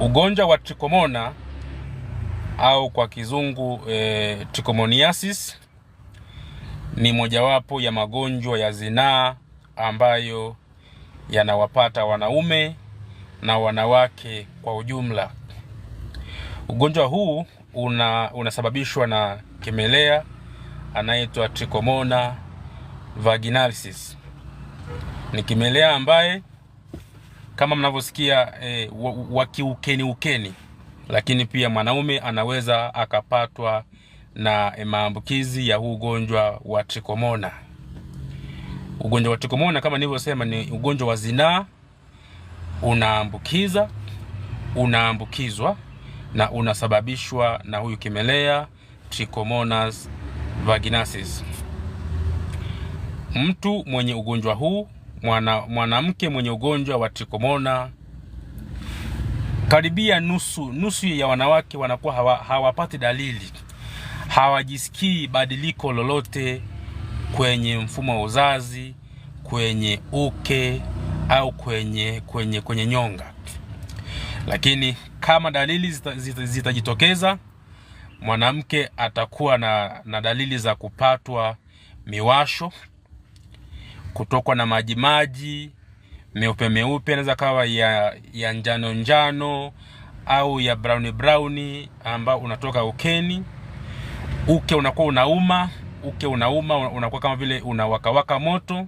Ugonjwa wa trichomona au kwa kizungu e, trichomoniasis ni mojawapo ya magonjwa ya zinaa ambayo yanawapata wanaume na wanawake kwa ujumla. Ugonjwa huu una, unasababishwa na kimelea anaitwa trichomona vaginalis. Ni kimelea ambaye kama mnavyosikia e, eh, wakiukeni ukeni, lakini pia mwanaume anaweza akapatwa na e, maambukizi ya huu ugonjwa wa trikomona. Ugonjwa wa trikomona kama nilivyosema ni ugonjwa wa zinaa, unaambukiza, unaambukizwa na unasababishwa na huyu kimelea Trichomonas vaginasis. Mtu mwenye ugonjwa huu mwanamke mwenye ugonjwa wa trikomona, karibia nusu nusu ya wanawake wanakuwa hawa, hawapati dalili, hawajisikii badiliko lolote kwenye mfumo wa uzazi, kwenye uke au kwenye, kwenye, kwenye nyonga. Lakini kama dalili zitajitokeza zita, zita mwanamke atakuwa na, na dalili za kupatwa miwasho kutokwa na majimaji meupe meupe, anaweza kawa ya, ya njano njano au ya brown brown, ambao unatoka ukeni. Uke unakuwa unauma, uke unauma, unakuwa kama vile unawakawaka moto.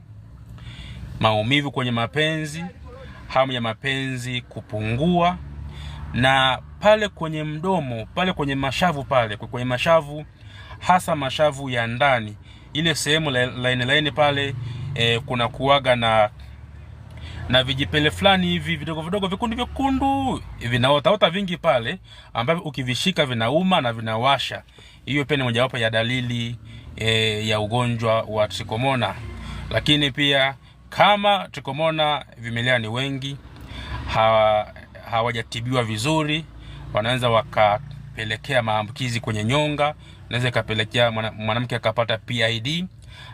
Maumivu kwenye mapenzi, hamu ya mapenzi kupungua, na pale kwenye mdomo, pale kwenye mashavu, pale kwenye mashavu, hasa mashavu ya ndani ile sehemu laini laini pale e, eh, kuna kuwaga na na vijipele fulani hivi vidogo vidogo vikundu vikundu vinaotaota vingi pale, ambavyo ukivishika vinauma na vinawasha. Hiyo pia ni mojawapo ya dalili e, ya ugonjwa wa trikomona. Lakini pia kama trikomona vimelea ni wengi, hawa hawajatibiwa vizuri, wanaweza wakapelekea maambukizi kwenye nyonga naweza ikapelekea mwanamke akapata PID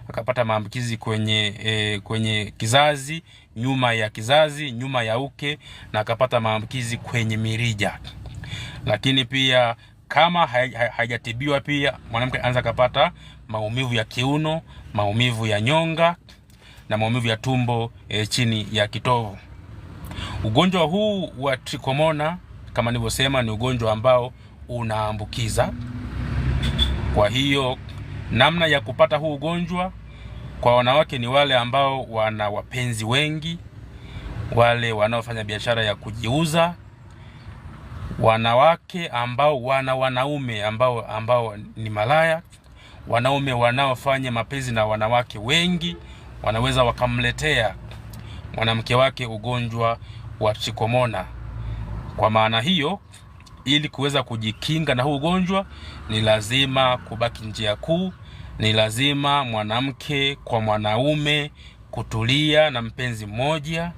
akapata maambukizi kwenye e, kwenye kizazi, nyuma ya kizazi, nyuma ya uke na akapata maambukizi kwenye mirija. Lakini pia kama haijatibiwa pia mwanamke anaweza akapata maumivu ya kiuno, maumivu ya nyonga na maumivu ya tumbo e, chini ya kitovu. Ugonjwa huu wa trikomona kama nilivyosema, ni ugonjwa ambao unaambukiza. Kwa hiyo namna ya kupata huu ugonjwa kwa wanawake ni wale ambao wana wapenzi wengi, wale wanaofanya biashara ya kujiuza, wanawake ambao wana wanaume ambao, ambao ni malaya, wanaume wanaofanya mapenzi na wanawake wengi wanaweza wakamletea mwanamke wake ugonjwa wa chikomona. Kwa maana hiyo ili kuweza kujikinga na huu ugonjwa ni lazima kubaki njia kuu, ni lazima mwanamke kwa mwanaume kutulia na mpenzi mmoja,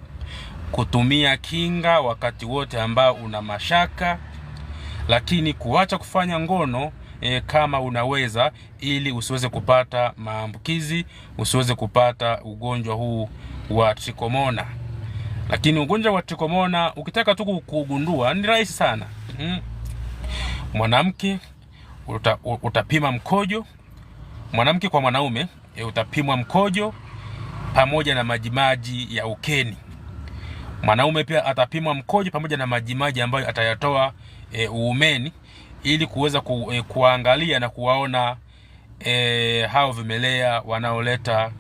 kutumia kinga wakati wote ambao una mashaka, lakini kuacha kufanya ngono e, kama unaweza, ili usiweze kupata maambukizi, usiweze kupata ugonjwa huu wa trikomona. Lakini ugonjwa wa trikomona ukitaka tu kugundua ni rahisi sana. Hmm. Mwanamke uta, utapima mkojo, mwanamke kwa mwanaume e, utapimwa mkojo pamoja na majimaji ya ukeni. Mwanaume pia atapimwa mkojo pamoja na majimaji ambayo atayatoa e, uumeni ili kuweza ku, e, kuangalia na kuwaona e, hao vimelea wanaoleta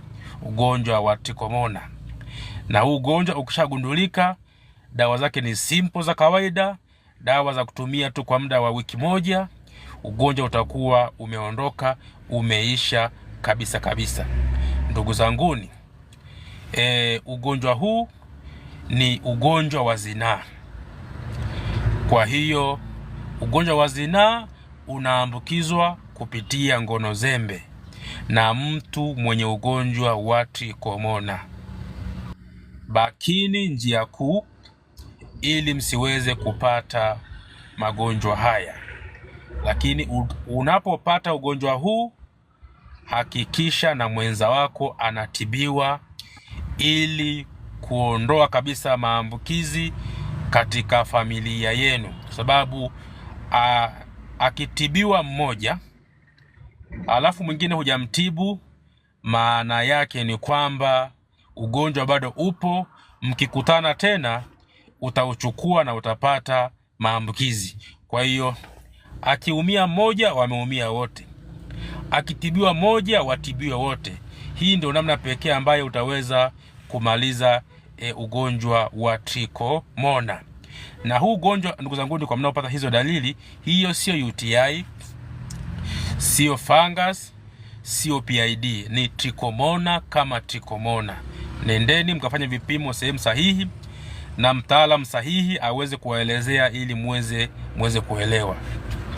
ugonjwa wa tikomona. Na huu ugonjwa ukishagundulika, dawa zake ni simple za kawaida dawa za kutumia tu kwa muda wa wiki moja, ugonjwa utakuwa umeondoka, umeisha kabisa kabisa. Ndugu zanguni, e, ugonjwa huu ni ugonjwa wa zinaa. Kwa hiyo ugonjwa wa zinaa unaambukizwa kupitia ngono zembe na mtu mwenye ugonjwa wa trikomona. Bakini njia kuu ili msiweze kupata magonjwa haya. Lakini unapopata ugonjwa huu, hakikisha na mwenza wako anatibiwa ili kuondoa kabisa maambukizi katika familia yenu, kwa sababu a, akitibiwa mmoja alafu mwingine hujamtibu, maana yake ni kwamba ugonjwa bado upo. Mkikutana tena utauchukua na utapata maambukizi. Kwa hiyo akiumia mmoja, wameumia wote, akitibiwa mmoja, watibiwe wote. Hii ndio namna pekee ambayo utaweza kumaliza e, ugonjwa wa trikomona. Na huu ugonjwa ndugu zangu, kwa mnaopata hizo dalili, hiyo sio UTI, sio fungus, sio PID, ni trikomona kama trikomona. Nendeni mkafanya vipimo sehemu sahihi na mtaalamu sahihi aweze kuwaelezea ili muweze muweze kuelewa.